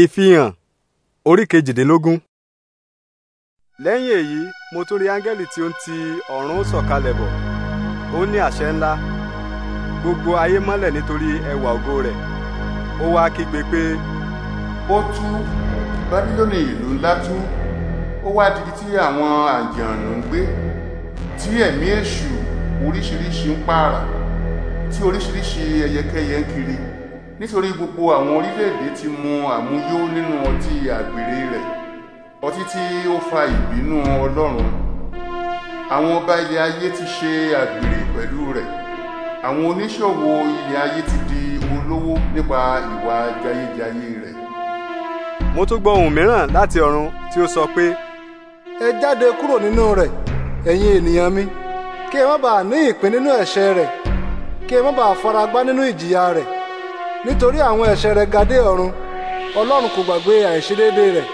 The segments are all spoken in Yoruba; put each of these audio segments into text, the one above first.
ìfihàn orí kejìdínlógún. lẹ́yìn èyí mo tún rí áńgẹ́lì tí ó ń ti ọ̀run sọ̀kalẹ̀ bọ̀ ó ní àṣẹ ńlá gbogbo ayé mọ́lẹ̀ nítorí ẹwà ògo rẹ̀ ó wá kígbe pé. ó tú bábílónì ìlú ńlá tú ó wá di tí àwọn àjànù ń gbé tí ẹ̀mí èṣù oríṣiríṣi ń pààrà tí oríṣiríṣi ẹyẹkẹyẹ ń kiri nítorí gbogbo àwọn orílẹ̀-èdè ti mu àmúyó nínú ọtí àgbèrè rẹ̀ ọtí tí ó fa ìbínú ọlọ́run àwọn ọba ilẹ̀ ayé ti ṣe àgbèrè pẹ̀lú rẹ̀ àwọn oníṣòwò ilẹ̀ ayé ti di olówó nípa ìwà jayéjayé rẹ̀. mo tún gbọ́ ohùn mìíràn láti ọ̀run tí ó sọ pé. ẹ jáde kúrò nínú rẹ̀ ẹ̀yin ènìyàn mi kí ẹ má bàa ní ìpín nínú ẹ̀ṣẹ̀ rẹ̀ kí ẹ má bàa faragbá nínú ìjìyà rẹ̀ nítorí àwọn ẹ̀ṣẹ̀ rẹ̀ gadé ọ̀run ọlọ́run kò gbàgbé àìṣedéédé rẹ̀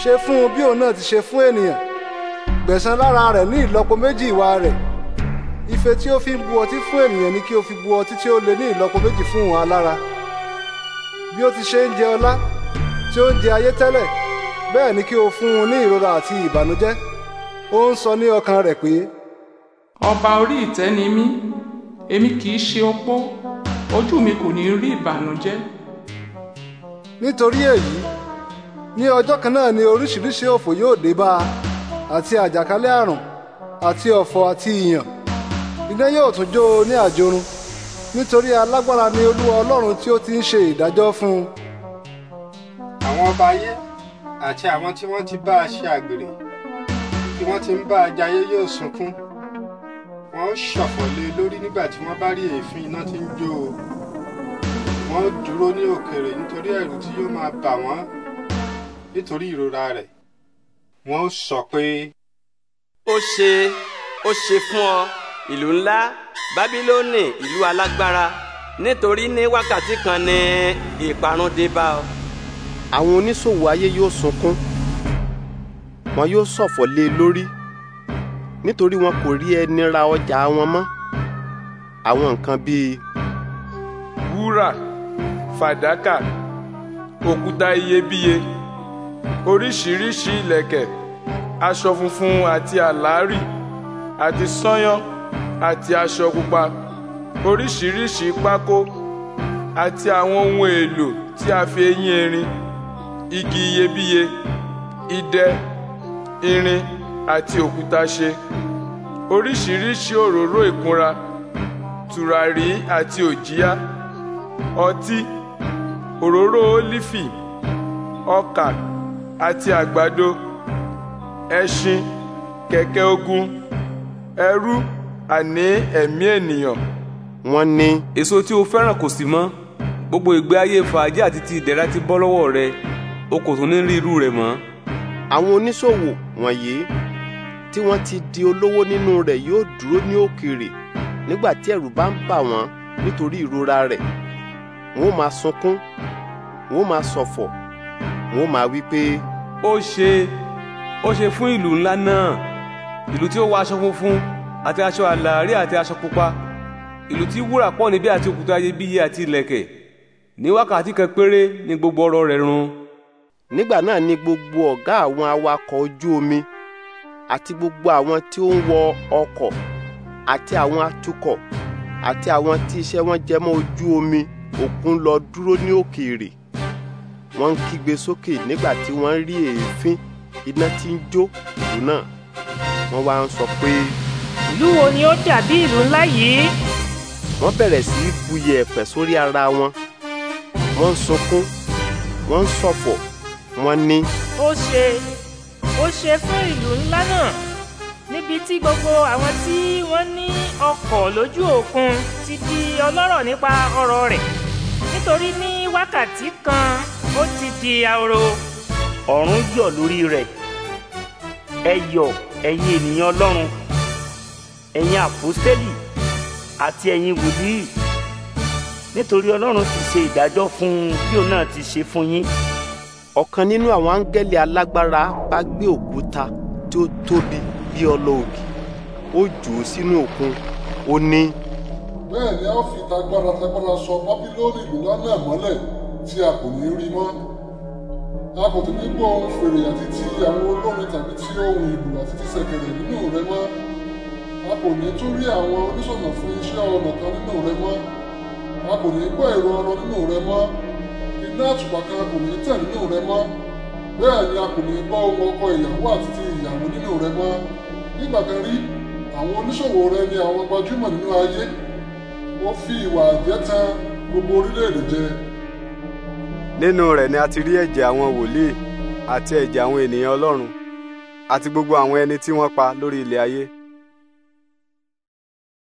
ṣe fún un bí òun náà ti ṣe fún ènìyàn gbẹ̀san lára rẹ̀ ní ìlọ́po méjì ìwà rẹ̀ ife tí ó fi bu ọtí fún ènìyàn ni kí ó fi bu ọtí tí ó le ní ìlọ́po méjì fún òun alára bí ó ti ṣe ń jẹ ọlá tí ó ń jẹ ayé tẹ́lẹ̀ bẹ́ẹ̀ ni kí o fún un ní ìrora àti ìbànújẹ́ ó ń sọ ní ọkàn rẹ̀ pé. ọba orí ìtẹ́ ni mí èmi kì í ṣe opó ojú mi kò ní rí ìbànújẹ́. nítorí èyí ní ọjọ́ kan náà ni oríṣiríṣi òfò yóò dé bá a àti àjàkálẹ̀ àrùn àti ọ̀fọ̀ àti ìyàn iná yóò tún jó o ní àjorun nítorí alágbára ni olúwa ọlọ́run tí ó ti ń ṣe ìdájọ́ fún un. àwọn ọba ayé àti àwọn tí wọ́n ti bá a ṣe àgbèrè tí wọ́n ti ń bá a jayé yóò sunkún wọn ó ṣàfọ̀lé lórí nígbà tí wọ́n bá rí èéfín iná tí ń jó o wọ́n dúró ní òkèèrè nítorí ẹ̀rù tí yóò máa bà wọ́n nítorí ìrora rẹ̀ wọ́n sọ pé. ó ṣe ó ṣe fún ọ ìlú ńlá bábílónì ìlú alágbára nítorí ní wákàtí kan ní ìparun dé bá ọ. àwọn oníṣòwò ayé yóò sunkún wọn yóò ṣọ̀fọ̀ lé e lórí nítorí wọn kò rí ẹni ra ọjà wọn mọ́ àwọn nǹkan bíi. wúrà fàdákà òkúta iyebíye oríṣiríṣi ìlẹ̀kẹ̀ aṣọ funfun àti àlárì àti sányán àti aṣọ pupa oríṣiríṣi pákó àti àwọn ohun èlò tí a fi eyín erin igi iyebíye idẹ irin àti òkúta ṣe oríṣiríṣi òróró ìkunra tùràrí àti òjíá ọtí òróró ólífì ọkà àti àgbàdo ẹṣin kẹ̀kẹ́ ogun ẹrú àní ẹ̀mí ènìyàn. wọ́n ní. èso tí o fẹ́ràn kò sí mọ́ gbogbo ìgbé ayé fàájì àti ti ìdẹ̀ra ti bọ́ lọ́wọ́ rẹ o kò tún ní rí irú rẹ̀ mọ́. àwọn oníṣòwò wọ̀nyí tí wọ́n ti di olówó nínú rẹ̀ yóò dúró ní òkèèrè nígbà tí ẹ̀rù bá ń bà wọ́n nítorí ìrora rẹ̀ wọ́n ó máa sunkún wọ́n ó máa ṣọ̀fọ̀ wọ́n ó máa wí pé. ó ṣe ó ṣe fún ìlú ńlá náà ìlú tí ó wọ aṣọ funfun àti aṣọ àlàárí àti aṣọ pupa ìlú tí wúrà pọ̀ níbí àti òkúta iyebíye àti ìlẹ̀kẹ̀ ní wákàtí kan péré ni gbogbo ọrọ̀ rẹ̀ run. nígbà náà ni gbogbo ọ̀gá àwọn awakọ̀ ojú omi àti gbogbo àwọn tí ó ń wọ ọkọ̀ àti àwọn atukọ̀ àti àwọn tí iṣẹ́ wọn jẹ mọ́ ojú omi òkun lọ dúró ní òkèèrè wọ́n ń kígbe sókè nígbà tí wọ́n rí èéfín iná tí ń jó ìlú náà wọ́n wá ń sọ pé. ìlú wo ni ó dàbí ìlú ńlá yìí. wọ́n bẹ̀rẹ̀ sí í bu yẹ̀ẹ̀pẹ̀ sórí ara wọn wọ́n ń sunkún wọ́n ń ṣọ̀fọ̀ wọ́n ní. ó ṣe é ó ṣe fún ìlú ńlá náà níbi tí gbogbo àwọn tí wọ́n ní ọkọ̀ lójú òkun ti di ọlọ́rọ̀ nípa ọrọ̀ rẹ̀ nítorí ní wákàtí kan ó ti di ahoro. ọ̀run yọ̀ lórí rẹ̀ ẹ yọ̀ ẹ̀yin ènìyàn ọlọ́run ẹ̀yin àpọ́stélì àti ẹ̀yin wòlíì nítorí ọlọ́run ti ṣe ìdájọ́ fún un bí òun náà ti ṣe fún yín ọ̀kan nínú àwọn áńgẹ́lì alágbára bá gbé òkúta tí ó tóbi bí ọlọ́ọ̀gì ó jù ú sínú òkun ó ní. bẹ́ẹ̀ ni a ó fi tagbára tagbára sọ bábílónì ìlú náà mọ́lẹ̀ tí a kò ní rí mọ́ a kò tún ní gbọ́ ohun fèrè àti ti àwọn olórin tàbí ti ohun ìlú àti ti ṣẹ̀kẹ̀rẹ̀ nínú rẹ mọ́ a kò ní tún rí àwọn oníṣọ̀nà fún iṣẹ́ ọnà kan nínú rẹ mọ́ a kò ní gbọ́ èrò ọrọ̀ nínú iná àtùpàkà kò ní tẹ̀ nínú rẹ mọ́ bẹ́ẹ̀ ni a kò ní gbọ́ ohun ọkọ ìyàwó àti ti ìyàwó nínú rẹ mọ́ nígbà kan rí àwọn oníṣòwò rẹ ni àwọn gbajúmọ̀ nínú ayé wọ́n fi ìwà àjẹ́ tan gbogbo orílẹ̀-èdè jẹ. nínú rẹ̀ ni a ti rí ẹ̀jẹ̀ àwọn wòlíì àti ẹ̀jẹ̀ àwọn ènìyàn ọlọ́run àti gbogbo àwọn ẹni tí wọ́n pa lórí ilẹ̀ ayé.